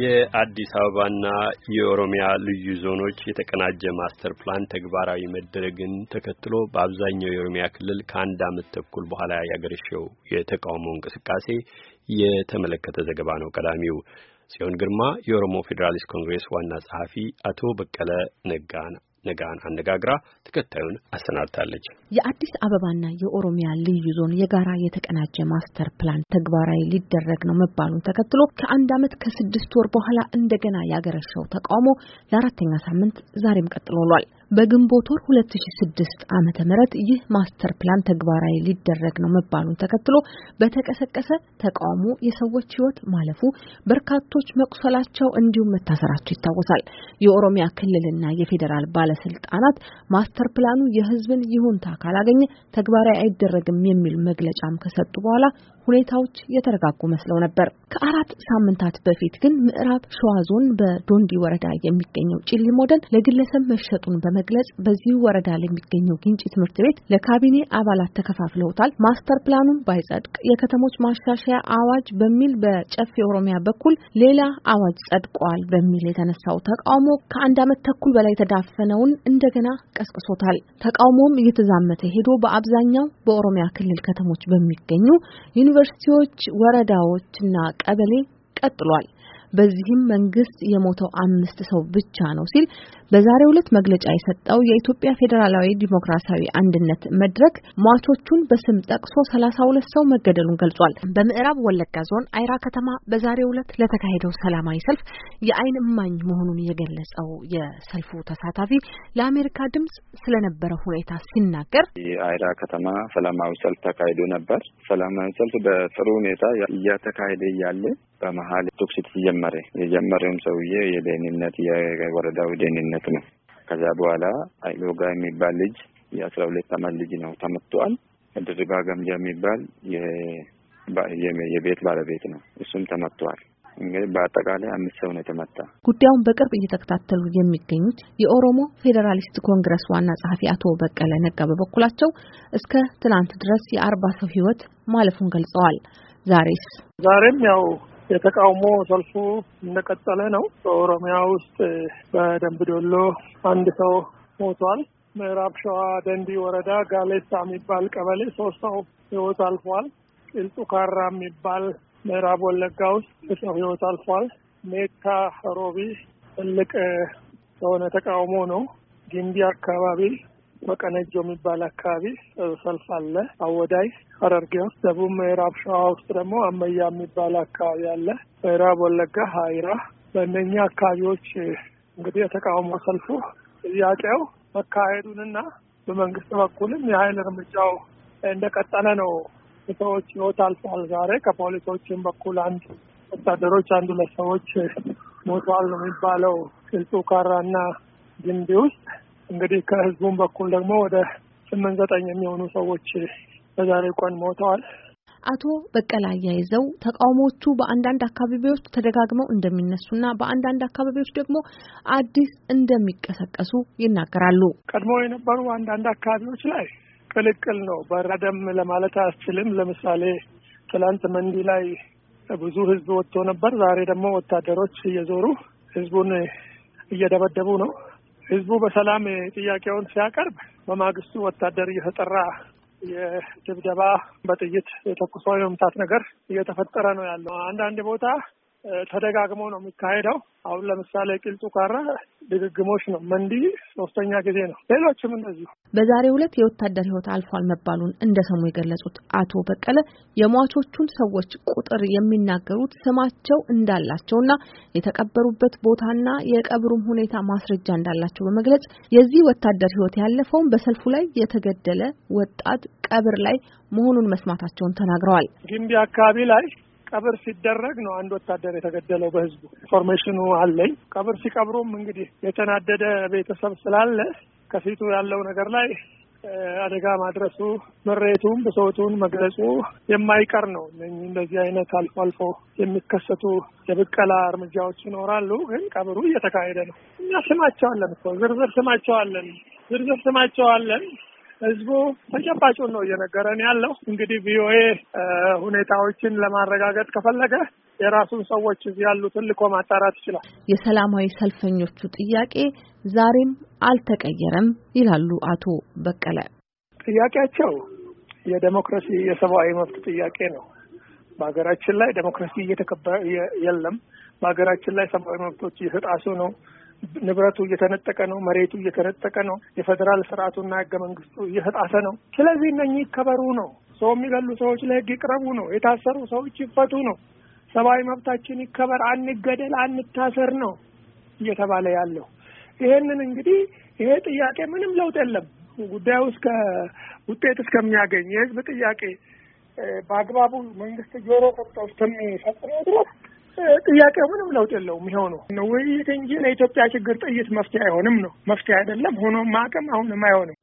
የአዲስ አበባና የኦሮሚያ ልዩ ዞኖች የተቀናጀ ማስተር ፕላን ተግባራዊ መደረግን ተከትሎ በአብዛኛው የኦሮሚያ ክልል ከአንድ ዓመት ተኩል በኋላ ያገረሸው የተቃውሞ እንቅስቃሴ የተመለከተ ዘገባ ነው ቀዳሚው። ጽዮን ግርማ የኦሮሞ ፌዴራሊስት ኮንግሬስ ዋና ጸሐፊ አቶ በቀለ ነጋን ነጋን አነጋግራ ተከታዩን አሰናድታለች። የአዲስ አበባና የኦሮሚያ ልዩ ዞን የጋራ የተቀናጀ ማስተር ፕላን ተግባራዊ ሊደረግ ነው መባሉን ተከትሎ ከአንድ ዓመት ከስድስት ወር በኋላ እንደገና ያገረሸው ተቃውሞ ለአራተኛ ሳምንት ዛሬም ቀጥሎ ውሏል። በግንቦት ወር 2006 ዓመተ ምህረት ይህ ማስተር ፕላን ተግባራዊ ሊደረግ ነው መባሉን ተከትሎ በተቀሰቀሰ ተቃውሞ የሰዎች ሕይወት ማለፉ፣ በርካቶች መቁሰላቸው እንዲሁም መታሰራቸው ይታወሳል። የኦሮሚያ ክልልና የፌዴራል ባለስልጣናት ማስተር ፕላኑ የህዝብን ይሁንታ ካላገኘ ተግባራዊ አይደረግም የሚል መግለጫም ከሰጡ በኋላ ሁኔታዎች የተረጋጉ መስለው ነበር። ከአራት ሳምንታት በፊት ግን ምዕራብ ሸዋ ዞን በዶንዲ ወረዳ የሚገኘው ጭሊ ሞደል ለግለሰብ መሸጡን በመግለጽ በዚሁ ወረዳ ለሚገኘው ግንጭ ትምህርት ቤት ለካቢኔ አባላት ተከፋፍለውታል። ማስተር ፕላኑም ባይጸድቅ የከተሞች ማሻሻያ አዋጅ በሚል በጨፌ ኦሮሚያ በኩል ሌላ አዋጅ ጸድቋል በሚል የተነሳው ተቃውሞ ከአንድ ዓመት ተኩል በላይ የተዳፈነውን እንደገና ቀስቅሶታል። ተቃውሞም እየተዛመተ ሄዶ በአብዛኛው በኦሮሚያ ክልል ከተሞች በሚገኙ ዩኒቨርሲቲዎች፣ ወረዳዎችና ቀበሌ ቀጥሏል። በዚህም መንግስት የሞተው አምስት ሰው ብቻ ነው ሲል በዛሬው ዕለት መግለጫ የሰጠው የኢትዮጵያ ፌዴራላዊ ዲሞክራሲያዊ አንድነት መድረክ ሟቾቹን በስም ጠቅሶ ሰላሳ ሁለት ሰው መገደሉን ገልጿል። በምዕራብ ወለጋ ዞን አይራ ከተማ በዛሬው ዕለት ለተካሄደው ሰላማዊ ሰልፍ የአይን እማኝ መሆኑን የገለጸው የሰልፉ ተሳታፊ ለአሜሪካ ድምጽ ስለነበረ ሁኔታ ሲናገር የአይራ ከተማ ሰላማዊ ሰልፍ ተካሂዶ ነበር። ሰላማዊ ሰልፍ በጥሩ ሁኔታ እያተካሄደ እያለ በመሀል ቶክሲት ጀመረ። የጀመረውም ሰውዬ የደህንነት የወረዳው ደህንነት ነው። ከዛ በኋላ አይሎጋ የሚባል ልጅ የአስራ ሁለት አመት ልጅ ነው ተመቷል። ድርጋ ገምጃ የሚባል የቤት ባለቤት ነው፣ እሱም ተመቷል። እንግዲህ በአጠቃላይ አምስት ሰው ነው የተመታ። ጉዳዩን በቅርብ እየተከታተሉ የሚገኙት የኦሮሞ ፌዴራሊስት ኮንግረስ ዋና ጸሐፊ አቶ በቀለ ነጋ በበኩላቸው እስከ ትናንት ድረስ የአርባ ሰው ህይወት ማለፉን ገልጸዋል። ዛሬስ ዛሬም ያው የተቃውሞ ሰልፉ እንደቀጠለ ነው። በኦሮሚያ ውስጥ በደንብ ዶሎ አንድ ሰው ሞቷል። ምዕራብ ሸዋ ደንዲ ወረዳ ጋሌሳ የሚባል ቀበሌ ሶስት ሰው ህይወት አልፏል። ቅልጡ ካራ የሚባል ምዕራብ ወለጋ ውስጥ ሰው ህይወት አልፏል። ሜካ ሮቢ ትልቅ የሆነ ተቃውሞ ነው። ጊምቢ አካባቢ መቀነጆ የሚባል አካባቢ ሰልፍ አለ። አወዳይ ሐረርጌ ውስጥ፣ ደቡብ ምዕራብ ሸዋ ውስጥ ደግሞ አመያ የሚባል አካባቢ አለ። ምዕራብ ወለጋ ሀይራ። በእነኛ አካባቢዎች እንግዲህ የተቃውሞ ሰልፉ ጥያቄው መካሄዱንና በመንግስት በኩልም የሀይል እርምጃው እንደቀጠለ ነው። ሰዎች ህይወት አልፏል። ዛሬ ከፖሊሶችም በኩል አንድ ወታደሮች አንድ ሁለት ሰዎች ሞቷል ነው የሚባለው ስልጡ ካራና ግንቢ ውስጥ እንግዲህ ከህዝቡም በኩል ደግሞ ወደ ስምንት ዘጠኝ የሚሆኑ ሰዎች በዛሬው ቀን ሞተዋል። አቶ በቀላ አያይዘው ተቃውሞዎቹ በአንዳንድ አካባቢዎች ተደጋግመው እንደሚነሱና በአንዳንድ አካባቢዎች ደግሞ አዲስ እንደሚቀሰቀሱ ይናገራሉ። ቀድሞ የነበሩ አንዳንድ አካባቢዎች ላይ ቅልቅል ነው፣ በረደም ለማለት አያስችልም። ለምሳሌ ትላንት መንዲ ላይ ብዙ ህዝብ ወጥቶ ነበር። ዛሬ ደግሞ ወታደሮች እየዞሩ ህዝቡን እየደበደቡ ነው። ህዝቡ በሰላም ጥያቄውን ሲያቀርብ በማግስቱ ወታደር እየተጠራ የድብደባ በጥይት የተኩሶ የመምታት ነገር እየተፈጠረ ነው ያለው። አንዳንድ ቦታ ተደጋግሞ ነው የሚካሄደው። አሁን ለምሳሌ ቅልጡ ካራ ድግግሞች ነው፣ መንዲ ሶስተኛ ጊዜ ነው። ሌሎችም እንደዚሁ። በዛሬ ሁለት የወታደር ህይወት አልፏል መባሉን ሰሙ የገለጹት አቶ በቀለ የሟቾቹን ሰዎች ቁጥር የሚናገሩት ስማቸው እንዳላቸውና የተቀበሩበት ቦታና የቀብሩም ሁኔታ ማስረጃ እንዳላቸው በመግለጽ የዚህ ወታደር ህይወት ያለፈውን በሰልፉ ላይ የተገደለ ወጣት ቀብር ላይ መሆኑን መስማታቸውን ተናግረዋል። ግንቢ አካባቢ ላይ ቀብር ሲደረግ ነው አንድ ወታደር የተገደለው በህዝቡ ኢንፎርሜሽኑ አለኝ። ቀብር ሲቀብሩም እንግዲህ የተናደደ ቤተሰብ ስላለ ከፊቱ ያለው ነገር ላይ አደጋ ማድረሱ ምሬቱን፣ ብሶቱን መግለጹ የማይቀር ነው። እንደዚህ አይነት አልፎ አልፎ የሚከሰቱ የብቀላ እርምጃዎች ይኖራሉ። ግን ቀብሩ እየተካሄደ ነው። እኛ ስማቸዋለን እኮ ዝርዝር ስማቸዋለን ዝርዝር ስማቸዋለን ህዝቡ ተጨባጩን ነው እየነገረን ያለው። እንግዲህ ቪኦኤ ሁኔታዎችን ለማረጋገጥ ከፈለገ የራሱን ሰዎች እዚህ ያሉትን ልኮ ማጣራት ይችላል። የሰላማዊ ሰልፈኞቹ ጥያቄ ዛሬም አልተቀየረም ይላሉ አቶ በቀለ። ጥያቄያቸው የዴሞክራሲ የሰብአዊ መብት ጥያቄ ነው። በሀገራችን ላይ ዴሞክራሲ እየተከበረ የለም። በሀገራችን ላይ ሰብአዊ መብቶች እየተጣሱ ነው። ንብረቱ እየተነጠቀ ነው፣ መሬቱ እየተነጠቀ ነው፣ የፌዴራል ስርዓቱና ህገ መንግስቱ እየተጣሰ ነው። ስለዚህ እነኚህ ይከበሩ ነው፣ ሰው የሚገሉ ሰዎች ለህግ ይቅረቡ ነው፣ የታሰሩ ሰዎች ይፈቱ ነው፣ ሰብአዊ መብታችን ይከበር፣ አንገደል፣ አንታሰር ነው እየተባለ ያለው ይሄንን እንግዲህ ይሄ ጥያቄ ምንም ለውጥ የለም። ጉዳዩ እስከ ውጤት እስከሚያገኝ የህዝብ ጥያቄ በአግባቡ መንግስት ጆሮ ሰጥቶ እስከሚፈጽመው ድረስ ጥያቄው ምንም ለውጥ የለውም። ይኸው ውይይት እንጂ ለኢትዮጵያ ችግር ጥይት መፍትሄ አይሆንም ነው መፍትሄ አይደለም። ሆኖ ማቅም አሁንም አይሆንም።